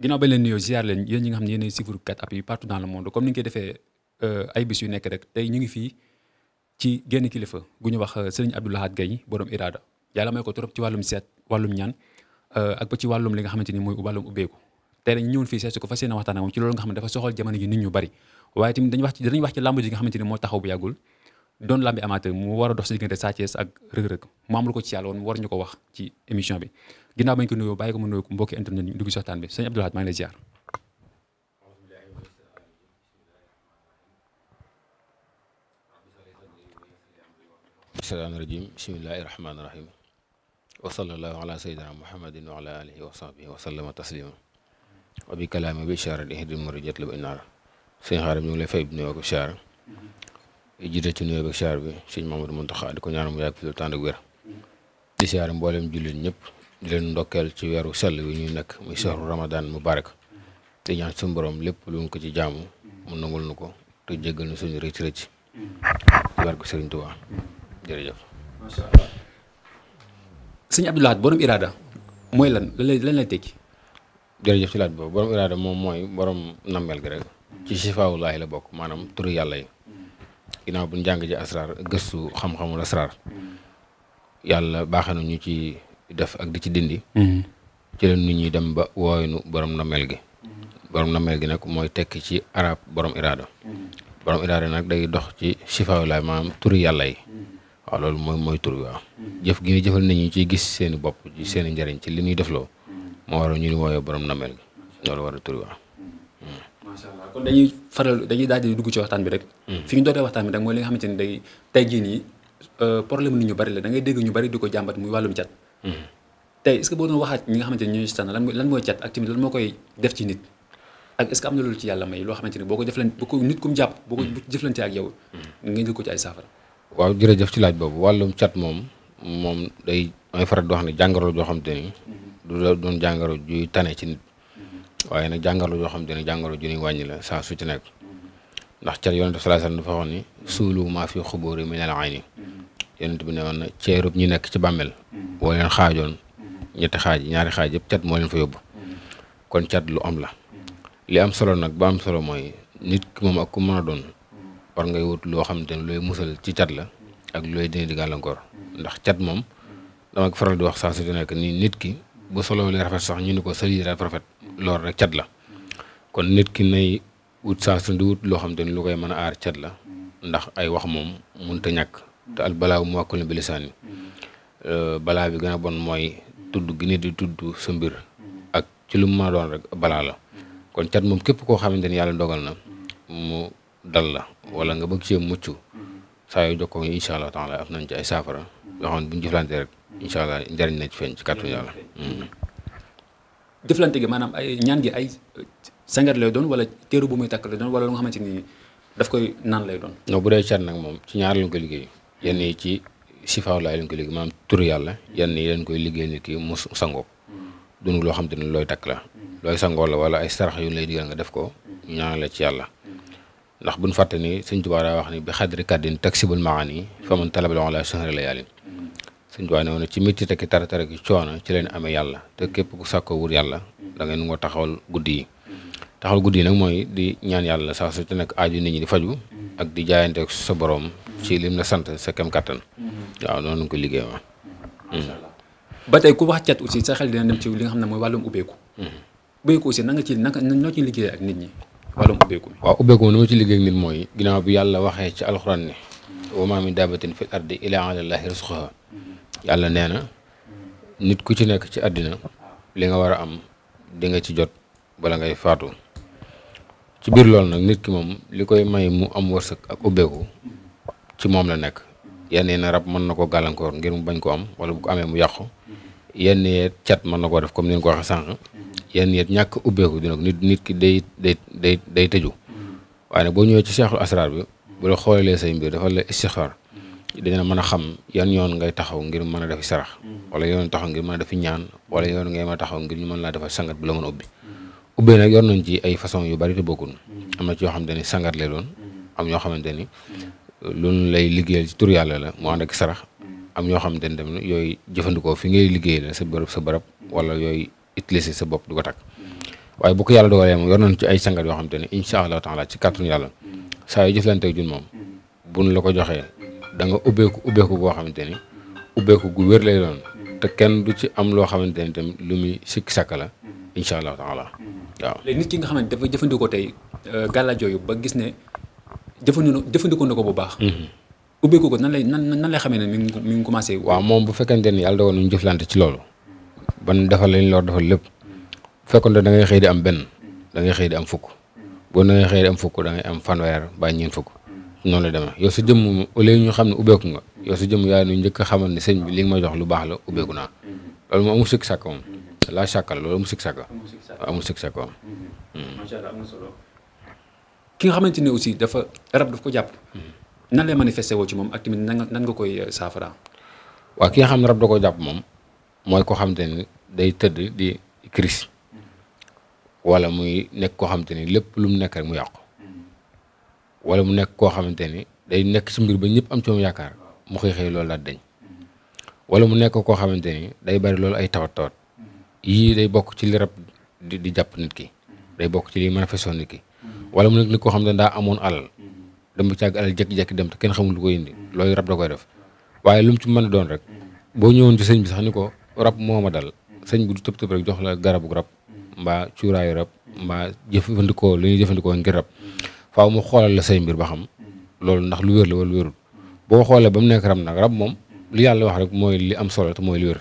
ginaaw ba leen nuyoo ziar leen yéen ñi nga xam ne yéenay suivre 4appuis partout dans le monde comme ni ñu koy defee euh, ay bis yu nekk rek tey ñu ngi fii ci génn kilifa gu ñu wax euh, sëriñ Abdou Lahad Gaye borom Irada yàlla may ko trop ci wàllum seet wàllum ñaan euh, ak ba ci wàllum li nga xamante ni mooy wàllum ubbeeku tey dañ ñëwoon fii seet si ko fas yéene waxtaan ak moom ci loolu nga xam ne moo taxaw bu yàggul doon lambi amateur mu war a dox si diggante Sa Thiès ak rëg-rëg mu am ko ci yàlla woon war ñu ko wax ci émission bi ginnaaw bañ ko nuyoo bàyyi ko mu nuyoo mbokki internet ñu dugg si waxtaan bi sëñ Abdou Lahad maa ngi lay ziar. bismillahi rajim di jiite ci nuyoo beeg siyaar bi sëñ Mamadou Mountakha di ko ñaanal mu yàgg fi lu tànd ak wér di siyaar mboolem jullit ñëpp di leen ndokkeel ci weeru sell wi ñuy nekk muy sahru ramadan mubarak te ñaan suñu borom lépp luñ ko ci jaamu mu nangul nu ko te jéggal nu suñu rëcc rëcc ci barke Sëriñ Tuubaa jërëjëf macha allah sëñ Abdou Lahad borom iraada mooy lan lan la tekki jërëjëf ci laaj boobu borom iraada moom mooy borom nammeel gi rek ci sifaawullaahi la bokk maanaam turu yàlla yi ginnaaw bu ñu jàng ji asraar gëstu xam-xamul asraar yàlla baaxe na ñu ci def ak di ci dindi mm-hmm. ci leen nit ñi dem ba nu borom namel gi borom namel gi nag mooy tekk ci arab borom iraada mm-hmm. borom iraada nag day dox ci sifaayu laay maanaam turi yàlla yi mm-hmm. waaw loolu mooy mooy tur bi jëf gi ñu jëfal nit ñu ciy gis seeni bopp ci seeni njëriñ ci li ñuy defloo moo waral ñu ni wooyee borom namel gi loolu war a tur kon dañuy faral dañuy daal di dugg ci waxtaan bi rek. Hmm. fi ñu dootee waxtaan bi rek mooy xamante ni day tey jii nii euh, problème ñu bari la da ngay dégg ñu bari di ko jàmbat muy wàllum cat. Hmm. tey est waxaat ñi nga xamante ni ñooy si tànn lan mooy mooy cat ak tamit lan moo koy def ci nit. ak na loolu ci yàlla may loo xamante ni boo ko jëflante boo ko nit ku mu jàpp boo ko hmm. ko ay saafara. waaw jërëjëf ci laaj boobu wàllum cat moom moom day may faral di wax ne jàngoro joo xam te ni. du doon jàngoro juy tane ci nit waaye nag jàngoro joo xam te ne jàngoro ju ñuy wàññi la saa su ci nekk ndax cer yonent bi sallallahu alayhi dafa waxoon ni suulu maa fi xubóori min al ayni yonent bi ne woon na ceerub ñi nekk ci bàmmeel boo leen xaajoon ñetti xaaj ñaari xaaj yëpp cat moo leen fa yóbbu kon cat lu am la li am solo nag ba am solo mooy nit ki moom ak ku mën a doon war ngay wut loo xamante ne looy musal ci cat la ak looy dindi di gàllankoor ndax cat moom dama faral di wax saa su nekk nii nit ki bu solo lee rafet sax ñu ni ko sëli rafet loolu rek cat la kon nit ki nay wut sens di loo xam te ni lu koy mën a aar cat la ndax ay wax moom mënut a ñàkk te al balaa mu wàkkul bi lisaan euh, balaa bi gën a bon mooy tudd gi nit di tudd sa mbir ak ci lu mu mën doon rek balaa la kon cat moom képp koo xamante ni yàlla dogal na mu dal la wala nga bëgg cee mucc saa yoo jokkoo ñu incha allah taala am nañ ci ay saafara yoo xam ne bu ñu jëflante rek incha allah njariñ na ci feeñ ci kàttu jëflante gi maanaam ay ñaan gi ay sangar lay doon wala téeru bu muy takk lay doon wala lu nga xamante ni daf koy naan lay doon. non bu dee cat nag moom ci ñaar lañ ko liggéey yenn yi ci sifaaw laay lañ ko liggéey maanaam yàlla yenn yi lañ koy liggéey nit ki mu sangoo hmm. dunu loo xam te ne looy takk la hmm. looy sangoo la wala ay sarax yu lay digal nga def ko hmm. ñaan la ci yàlla ndax buñ fàtte ni sëñ Tuubaa a wax ni bi xadri kàddin taksibul maani fa man talab la wala sahra la yàllin suñ tubaab ne woon ci métti ki tara tara gi coono ci leen amee yàlla te képp sàkkoo wut yàlla da ngay taxawal guddi yi taxawal guddi yi nag mooy di ñaan yàlla saa su te nekk aaju nit ñi di faju ak di jaayante sa borom ci sa kem kattan waaw noonu ko liggéey ma ba tey ku wax cat aussi sa xel dina dem ci li nga xam ne mooy wàllum ubbeeku ubbeeku aussi na nga ci naka noo ci liggéey ak nit ñi wàllum ubbeeku mi waaw ubbeeku moom ni ma ci liggéey ak nit mooy ginnaaw bi yàlla waxee ci alxuraan ne wa maa min daabatin fil ardi illaa alallaahi rizquhaa yàlla nee na nit ku ci nekk ci àddina li nga war a am di nga ci jot bala ngay faatu ci biir loolu nag nit ki moom li koy may mu am wërsëg ak ubbeeku ci moom la nekk yenn yi rab mën na ko gàllankoor ngir mu bañ ko am wala bu ko amee mu yàqu yenn yeet cat mën na koo def comme ni ñu ko waxee sànq yenn yeet ñàkk ubbeeku dina ko nit nit ki day day day day tëju waaye nag boo ñëwee ci seexul asraar bi bu la xoolee say mbir dafa la istixaar dina mën a xam yan yoon ngay taxaw ngir mën a defi sarax wala yoon taxaw ngir mën a ñaan wala yoon ngay mën a taxaw ngir ñu mën laa defal sangat bu la mën a ubbi ubbee nag yor nañ ci ay façon yu bari te bokkul am na ci yoo xamante ni sangat lay am ñoo xamante ni loolu lay liggéeyal ci tur la mu ànd ak am ñoo xamante ni tamit yooyu jëfandikoo fi ngay liggéey la sa bërëb sa bërëb wala yooyu utiliser sa bopp du ko takk waaye bu ko yàlla dogalee moom yor nañ ci ay sangat yoo xamante ni incha allah taala ci kàttanu yàlla saa yu jëflante ak jun moom buñ la ko joxee da nga ubbeeku ubbeeku goo xamante ni ubbeeku gu wér lay doon te kenn du ci am loo xamante ni tamit lu muy sikk sakk la incha allahu taala waaw. léegi nit ki nga xamante dafa jëfandikoo tey euh, gàllaaj yooyu ba gis ne jëfandikoo jëfandikoo na ko bu baax. Mhm. ubbeeku ko nan lay nan nan lay xamee ne mi ngi mi commencé. waaw moom bu fekkente ni yàlla dogal nañu jëflante ci loolu ban defal lañ lor defal lépp bu fekkoon da ngay xëy di am benn da ngay xëy di am fukk boo da ngay xëy di da ngay am fanweer ba ñeent noonu la demee yow sa jëmm au lieu ñu xam ne ubbeeku nga yow sa jëmm yaa nu njëkk a xamal ni sëñ bi li nga ma jox lu baax la ubbeeku naa loolu moom amul sikk sàkk moom laa sàkkal loolu amul sikk sàkk amul sikk sàkk moom mhm. macha solo ki nga xamante ne aussi dafa rab daf ko jàpp mhm. nan lay manifesté woo ci moom ak tamit nan nga koy euh, saafara waaw ki nga xam ne rab da ko jàpp moom mooy ko xamante ne day tëdd di crise mhm. wala muy nekk koo xamante ni lépp lu mu nekk rek mu yàqu wala mu nekk koo xamante ni day nekk ci mbir ba ñëpp am ci yaakaar mu xëy xëy loolu daal dañ wala mu nekk koo xamante ni day bari loolu ay tawat tawat yii day bokk ci li rab di di jàpp nit ki day bokk ci li manifestation nit ki wala mu nekk nit koo xam ne daa amoon alal dem ba càgg alal jékki-jékki dem te kenn xamul lu ko indi loolu rab da koy def waaye lu mu ci mën a doon rek boo ñëwoon ci sëñ bi sax ni ko rab moo ma dal sëñ bi du tëb tëb rek jox la garabu rab mbaa cuuraayu rab mbaa jëfandikoo jëfandikoo ngir faaw mu xoolal la say mbir ba xam loolu ndax lu wér la wala wérul boo xoolee ba mu nekk rab nag rab moom lu yàlla wax rek mooy li am solo te mooy lu wér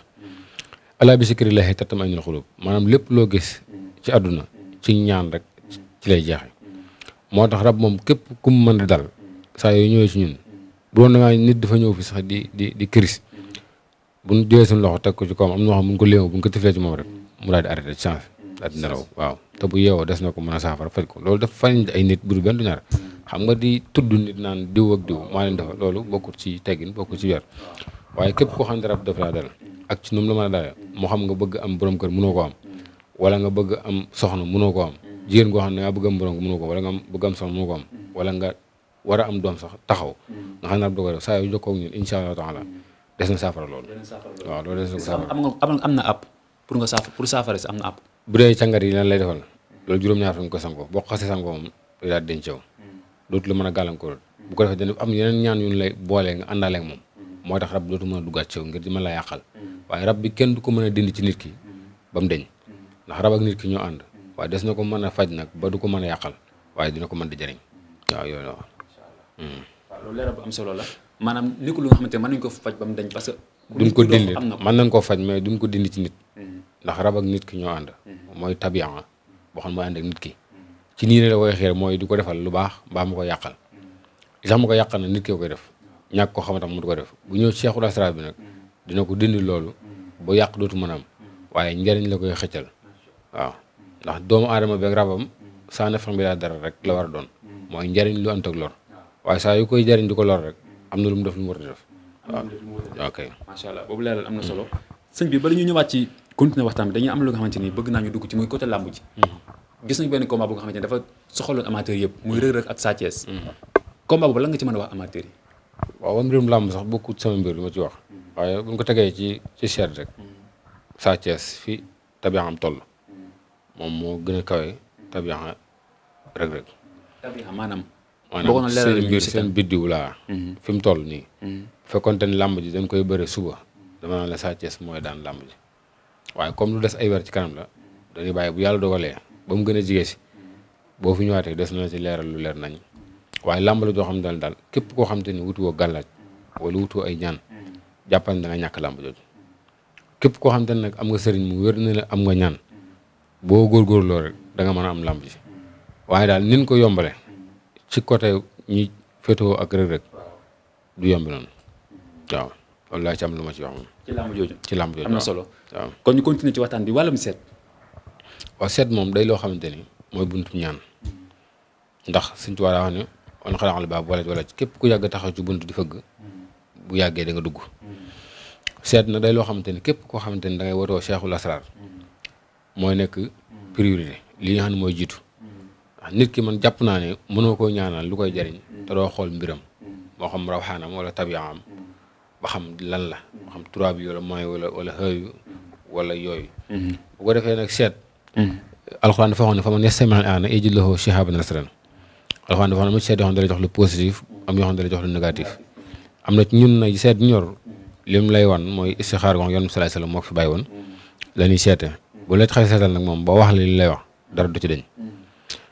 alaa bi zikrillahi tatma'innul qulub maanaam lépp loo gis ci àdduna ci ñaan rek ci lay jeexe moo tax rab moom képp ku mu mën di dal saa yooyu ñëwee ci ñun bu doon dangaa nit dafa ñëw fi sax di di di crise bu ñu jëlee suñu loxo teg ko ci kawam am na wax bu ñu ko léew bu ñu ko tiflee ci moom rek mu daal di arrêté ci chance daal di nelaw waaw te bu yeewoo des na ko mën a saafara faj ko loolu dafa fariñ ay nit buru benn du ñaar xam nga di tudd nit naan diw ak diw maa leen defal loolu bokkul ci teggin bokkul ci wer waaye képp koo xam ne rab dafa laa dal ak ci nu la mën a daale moo xam nga bëgg am borom kër mënoo ko am wala nga bëgg am soxna mënoo ko am jigéen goo xam ne nga bëgg am borom mënoo ko wala nga bëgg am soxna mënoo ko am wala war a am doom sax taxaw nga xam ne rab da ko def saa yu jokkoo ak ñun incha allah taala des na saafara loolu waaw loolu des na ko bu dee càngat yi lan lay defal loolu juróom-ñaar fan ko sangoo boo xasee sangoo moom day daal denc yow la mën a gàllankoor bu ko defee dana am yeneen ñaan yu lay boolee nga àndaale ak moom mooy tax rab dootu mën a la yàqal waaye rab bi kenn du ko mën a dindi ci nit ki ba mu ndax rab ak nit ki ñoo ànd waaye des na ko mën a faj nag ba du ko mën a yàqal waaye dina ko mën di jëriñ waaw yooyu la waaw loolu solo la maanaam nekkul lu nga xamante ne mën nañ ko faj ba parce que duñ ko dindi mën nañ koo faj mais duñ ko dindi ci nit ndax rab ak nit ki ñoo ànd. mooy tabian boo xam ne mooy ànd ak nit ki. ci nii la koy xeer mooy du ko defal lu baax mbaa mu ko yàqal. li tax mu ko yàqal nag nit ki koy def ñàkk ko xam tam mu du ko def bu ñëw seexul asraar bi nag dina ko dindi loolu bu yàq dootu mën am waaye njariñ la koy xëccal waaw ndax doomu aadama beeg rabam saa ne fan bi dara rek la war a doon mooy njariñ lu ànd ak lor waaye saa yu koy jariñ du ko lor rek am na lu mu def lu mu war a def. waaw am na solo sëñ bi bala continuer waxtaan bi dañuy am lu nga xamante ni bëgg naa ñu dugg ci muy côté làmb ji mm-hmm. gis nañu benn combat bu nga xamante ni dafa soxaloon amateur yëpp muy mm-hmm. Reug Reug ak Sa Thiès mm-hmm. combat la nga ci mën a wax amateur yi làmb sax bokkut sama mbir lu ma ci wax waaye buñ ko tegee ci ci seet rek Sa Thiès fi tabiaxam moom moo gën a kawe tabiaxa Reug Reug tabiaxa maanaam maanaam seen mbir seen biddiw laa fi mu toll nii fekkonte ni làmb ji dañ koy bëre suba dama naan la Sa mooy daan làmb ji waaye comme lu des ay weer ci kanam la dañuy bàyyi bu yàlla dogalee ba mu gën a jigée si boo fi ñëwaatee des na ci leeral lu leer nañ waaye làmb la joo xam ne daal képp koo xam te ni wutuwoo gàllaaj wala wutuwoo jàppal ne da nga koo xam te nag am nga sëriñ mu wér na la am nga ñaan boo góor góorloo rek da nga mën a am làmb ji waaye daal nin ko yombale ci côté ñi féetewoo ak Reug Reug du yomb noonu waaw loolu laa am lu ma ci wax moom. ci làmb ci làmb jooju am na solo. waaw kon ñu continuer ci waxtaan bi wàllum seet. waaw seet moom day loo xamante ni mooy buntu ñaan ndax suñ ci war a wax ne on xalaat baab képp ku yàgg taxaw ci buntu di fëgg bu yàggee da nga dugg. seet na day loo xamante ni képp koo xamante ni dangay ngay wootoo cheikhul mooy nekk priorité li nga xam ne mooy jiitu. nit ki man jàpp naa ne mënoo koo ñaanal lu koy jariñ te doo xool mbiram moo xam raw xaanam wala tabiyaam ba xam lan la mm-hmm. ba xam trois bi wala mooy wala wala xëyu mm-hmm. wala yooyu mm-hmm. bu ko defee nag seet alxuraan dafa waxoon ne fa man yastami'il aana yajid lahu shihaban nasran alxuraan dafa waxoon ne mu seet yoo xam ne da lay jox lu positif am yoo xam ne da jox lu négatif am na ci ñun na seet ñor lim lay wan mooy istixaar wax yoon salaay salaam moo ko fi bàyyi woon la ñuy seete bu la xasee seetal nag moom ba wax li lay wax dara du ci dañ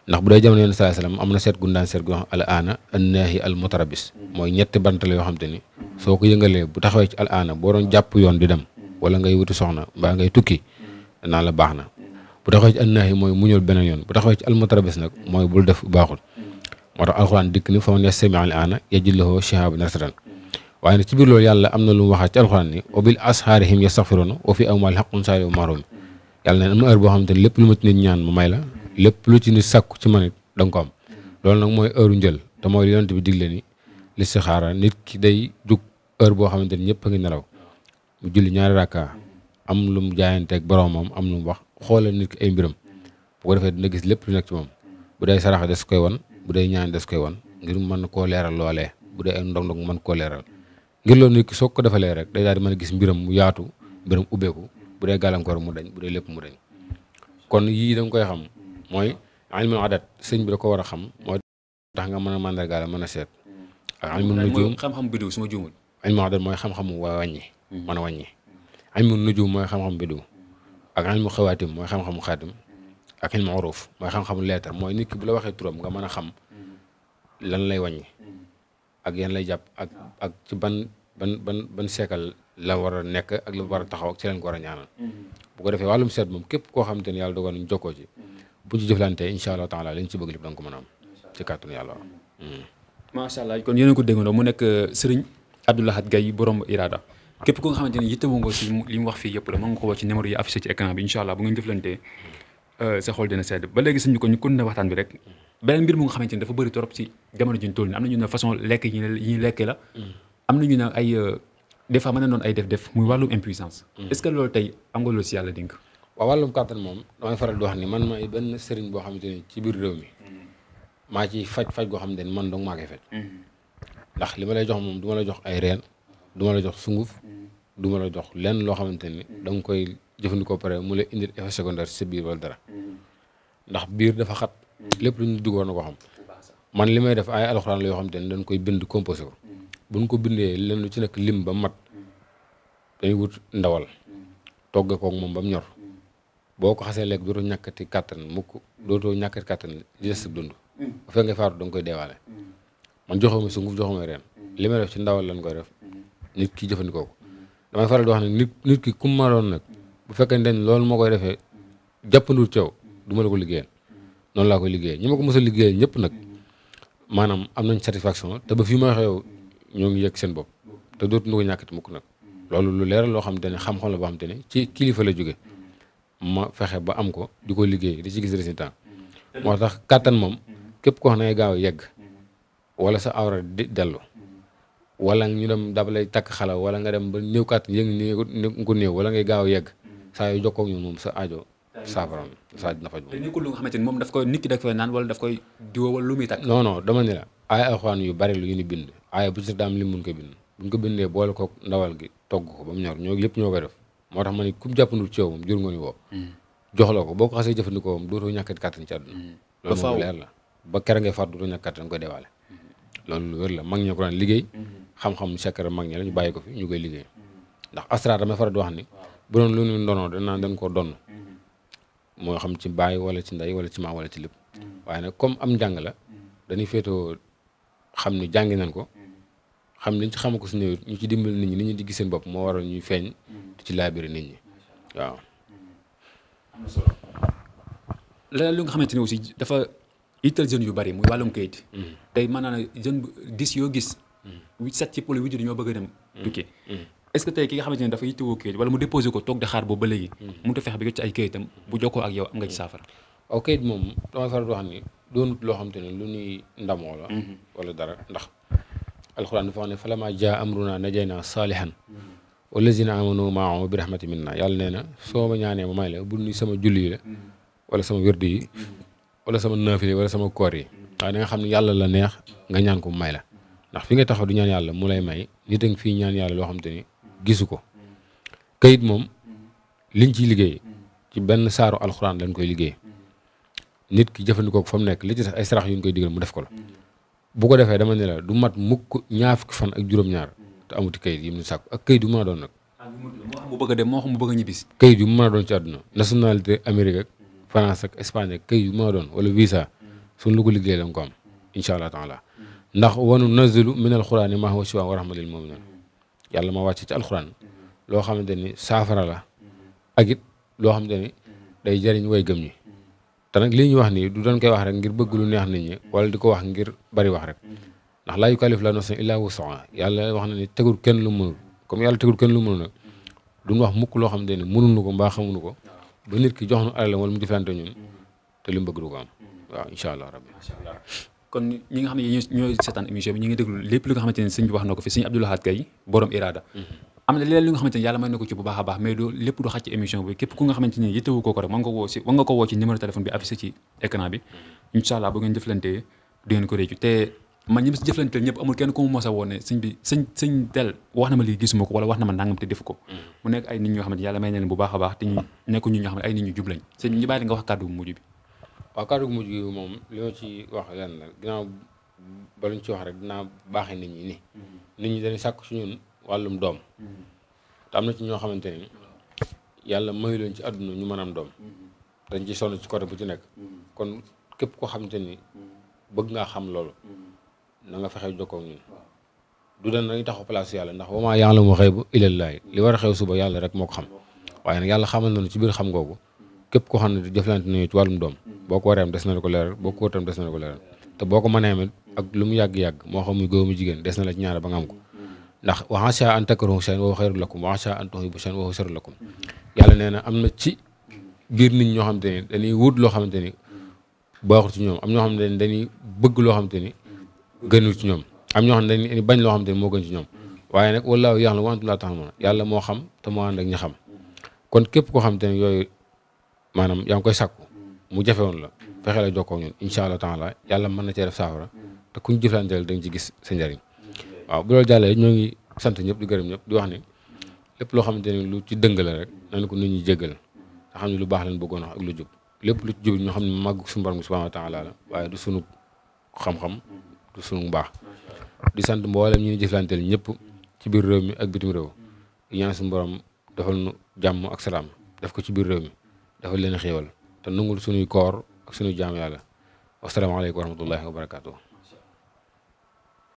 ndax bu dee jamono yonent sallallahu alayhi wasallam am na seet gu ñu daan seet gu al aana annaahi al mutarabis mooy ñetti bant la yoo xam ni soo ko yëngalee bu taxawee ci al aana boo doon jàpp yoon di dem wala ngay wuti soxna mbaa ngay tukki naa la baax na bu taxawee ci annaahi mooy muñul beneen yoon bu taxawee ci al mutarabis nag mooy bul def baaxul moo tax alxuraan dikk ni fa man yastami' al aana yajid lahu shihaban rasdan waaye nag ci biir loolu yàlla am na lu mu waxaat ci alxuraan ni wa bil ashaarihim boo xam te ne lépp lu ci nit ñaan ma may la lépp lu ci ni sakku ci man it da ko am loolu nag mooy heure njël te mooy yonent bi digle ni listixaara nit ki day jug heure boo xamante ni ñëpp a ngi nelaw mu julli ñaari rakka am lu mu jaayanteeg boromam am lu mu wax xoolal nit ki ay mbiram bu ko defee dina gis lépp lu nekk ci moom bu dee saraxa des koy wan bu day ñaan des koy wan ngir mën koo leeral loolee bu dee ay ndog-ndog mën koo leeral ngir loolu nit ki soo ko defalee rek day daal di mën a gis mbiram mu yaatu mbiram ubbeeku bu dee gàllankoor mu dañ bu dee lépp mu dañ kon yii da koy xam mooy ilmul adat sëñ bi da ko war a xam mooy tax nga mën a mandargaale mën a seet ak mm. ilmul nujum xam-xam bidiw su ma juumul mooy xam-xamu wa wàññi mm. mën a wàññi ilmul nujum mooy xam-xam bidiw mm. ak ilmul xawaatim mooy xam-xamu xaatim ak ilmu uruf mooy xam-xamu leetar mooy nit ki la waxee turam nga mën a xam lan lay wàññi ak yan lay jàpp ak ah. ak ci ban ban ban ban seekal la war a nekk ak la war a taxaw ak ci leen ko war a ñaanal bu ko defee wàllum seet moom képp koo xamante ni yàlla dogal jokkoo ci bu ci jëflantee incha allah nga a am ci kàttanu yàlla macha allah kon yéen ko déggandoo mu nekk euh, Serigne Abdou Lahad Gaye borom Irada wax fii yëpp la mën nga ko woo ci numéro yi affiché ci écran bi incha allah bu ngeen jëflantee euh, sa xol dina sedd ba léegi sëñ bi ko ñu continuer waxtaan bi rek beneen mbir mu nga xamante ni dafa bëri torop ci jamono ji ñu toll nii am na ñu ne façon lekk yi ñu lekk la mm. am na ñu ne ay euh, des fois mën na ay def-def muy wàllu impuissance mm. est-ce que loolu tey am nga loolu si yàlla dénk waaw wàllum kàttan moom damay faral di wax ni man ma benn sëriñ boo xamante ni ci biir réew mi mm-hmm. maa ci faj faj goo xamante ni man dong maa koy faj mm-hmm. ndax li ma lay jox moom du la jox ay reen du la jox sunguf mm-hmm. du ma la jox lenn loo xamante ni da nga koy jëfandikoo pare mu lay indil effet secondaire biir wala dara ndax biir dafa xat lépp lu ñu duggoon na ko xam man li may def ay alxuraan la yoo xamante ni dañ koy bind composé ko buñ ko bindee lenn lu ci nekk lim ba mat dañuy wut ndawal togge koog moom ba ñor boo ko xasee lekk dootoo ñàkkati kàttan mukk dootoo ñàkkati kàttan li des dund bu mm. fekkee faatu da nga koy deewaale mm. man joxuma sunguf joxuma reen mm. li ma def ci ndawal lan koy def nit ki jëfandikoo ko damay faral di wax ne nit nit ki kum ma nag bu fekkee dañ loolu moo koy defee jàppandul caw du ma la ko liggéeyal noonu laa koy liggéeyal ñi ma ko mos a liggéeyal ñëpp nag maanaam am nañ satisfaction te ba fii ma waxee yow ñoo ngi yëg seen bopp te dootuñu ko ñàkkati mukk nag loolu lu leer loo xam te ne xam la boo ne ci kilifa la jóge ma fexe ba am ko di ko liggéey di ci gis résultat moo tax kàttan moom képp ko xam ne gaaw yegg wala sa awra di dellu wala ñu dem daf lay takk xala wala nga dem ba néew kàttan yëg ni ko néew wala ngay gaaw yegg saa yu jokkoo ñun moom sa aajo saafaram saa te ni moom daf koy nit ki daf naan wala daf koy diwoo lu muy takk noonoo non dama ne la ay alxuraan yu bari lu ñu bind aaya bu ci daam li mun ko bind buñ ko bindee boole ko ndawal gi togg ko ba mu ñor ñoo yëpp ñoo ko def moo tax ma ne ku jàppandul ci yow moom jur nga ni woo hmm. jox la ko boo ko xasee jëfandikoo moom dootoo ñàkkati kàttan ci àdduna hmm. la ba kera ngay faat dootoo ñàkk kàttan koy hmm. loolu lu wér la mag ñi ko daan liggéey xam-xam mag ñi la ñu bàyyi ko fi ñu koy liggéey ndax astra damay faral di wax ni bu doon lu ñu donoo danaan dañ koo donn moo xam ci baay wala ci ndey wala ci maax wala ci lépp waaye nag comme am njàng la dañuy féetoo xam ni jàngi nañ ko xam liñ ci xamu ko si néew ñu ci dimbal nit ñi nit ñi di gis seen bopp moo waral ñuy feeñ di mm-hmm. ci laabiri nit ñi waaw. Mm-hmm. leneen lu nga xamante ne aussi dafa itteel jeunes yu bari mu wàllum kayit. Mm-hmm. tey maanaam jeune bu dix yoo gis. huit sept ci pôle huit dañoo bëgg a dem. ce que tey ki nga xamante ne dafa yittewoo kayit wala mu déposé ko toog di xaar boobu ba léegi. mënut a fexe ba ci ay kayitam bu ko ak yow am nga ci saafara. waaw kayit moom dama faral di wax ni doonut loo xamante ne lu ñuy ndamoo la. wala dara ndax. alxuraan dafa wax ne falammaa jaa amrunaa najaynaa saalihan wallazina amanu maahu bi rahmati minna yàlla nee na soo ma ñaanee ma may la bu ni sama julli yi la wala sama wérdu yi wala sama naafile wala sama koor yi waaye da nga xam ne yàlla la neex nga ñaan ko mu may la ndax fi nga taxaw du ñaan yàlla mu lay may nit a ngi fii ñaan yàlla loo xam ni gisu ko kayit moom liñ ciy liggéey ci benn saaru alxuraan lañ koy liggéey nit ki jëfandikoo ko fa nekk li ci sax ay sarax yu ñu koy digal mu def ko la bu ko defee dama ne du mat mukk ñaar fukki fan ak juróom-ñaar te amuti kayit yi mu sàkku ak kayit yu mën nag. moo mu bëgg a moo mu bëgg a kayit yu mën a doon ci àdduna nationalité Amérique ak France yu mën doon wala visa suñ lu ko liggéey la ko am incha allah taala ndax wanu nazilu min alxuraan maa a shifaa wa rahmatan lil mu'miniin yàlla ma wàcce ci alxuraan loo xamante ni saafara la ak it loo xamante ni day jëriñ way gëm ñi te nag lii ñu wax nii du doon koy wax rek ngir bëgg lu neex nit ñi di ko wax ngir bari wax rek ndax laa yukallifu laahu nafsan illaa wusaha yàlla wax na ni tegul kenn lu mënul comme yàlla tegul kenn lu mënul nag duñ wax mukk loo xam te ne mënuñu ko mbaa xamuñu ko ba nit ki jox nu alal wala mu jëflante ñun te li mu bëgg du ko am waaw incha allah rabbi kon ñi nga xam ne ñooy seetaan émission bi ñu ngi déglu lépp li nga xamante ne sëñ bi wax na ko fi sëñ Abdou Lahad Gaye borom Irada am na leneen li nga xamante ni yàlla may na ko ci bu baax a baax mais du lépp du xaj ci émission bi képp ku nga xamante ni yittewu ko ko rek mën nga ko woo ci numéro téléphone bi affiché ci écran bi mm-hmm. incha allah bu jëflantee du ngeen ko réccu ma wax na ma gisuma ko wala wax na ma nangam te def ko mm-hmm. mu nekk ay nit ñoo xamante yàlla may na leen bu a baax te ñu nekku ñu ñoo xam ne ay nit ñu jub lañ sëñ bi ñu bàyyi nga wax kàddu bu mujj bi waaw kàddu moom li ma ci wax lenn la ginnaaw ba luñ ci wax rek dinaa baaxee nit ñi ni mm-hmm. nit ñi dañuy sàkk su wàllum doom te am na ci ñoo xamante ni yàlla mayu leen ci àdduna ñu mën am doom dañ ci sonn ci côté bu ci nekk kon képp koo xamante ni bëgg ngaa xam loolu na nga fexe jokkoo ak ñun du den dañuy taxaw place yàlla ndax wa maa ya'lamu xayba illallaahi li war a xew suba yàlla rek moo ko xam waaye nag yàlla xamal nañu ci biir xam googu képp koo xam ne jëflante nañu ci wàllum doom boo ko waree am des na la ko leeral boo ko wërtam des na la ko leeral te boo ko mënee am ak lu mu yàgg-yàgg moo xam muy góor jigéen des na la ci ba am ko ndax wa asaa an takrahu shay'an wa huwa khayrun lakum wa asaa an tuhibbu shay'an yàlla nee na am na ci biir nit ñoo xamante ni dañuy wut loo xamante ni baaxul ci ñoom am ñoo xamante ni dañuy bëgg loo xamante ni gënul ci ñoom am ñoo xamante ni bañ loo xamante ni moo gën ci ñoom waaye nag wallaahu ya'lamu wa antum laa ta'lamuun yàlla moo xam te mu ànd ak ñi xam kon képp koo xamante ni yooyu maanaam yaa ngi koy sàkku mu jafewoon la fexe la jokkoo ñun incha allah taala yàlla mën na cee def saafara te kuñ jëflanteel da nga ci gis sa njëriñ waaw bu loolu jàllee ñoo ngi sant ñëpp di gërëm ñëpp di wax ni lépp loo xamante ne lu ci dëng la rek nañu ko nit ñu jéggal nga xam ne lu baax leen bëggoon wax ak lu jub lépp lu ci jub ñoo xam ne màgg suñu borom subhanahu wa taala waaye du sunu xam-xam du sunu sant mboolem ñu ni jëflanteel ñëpp ci biir réew mi ak bitim réew ñaan suñu borom defal nu jàmm ak salaam def ko ci biir réew mi defal leen xéewal te nungul suñuy koor ak suñuy jaam yàlla wasalaamaaleykum wa rahmatullahi wa barakatuh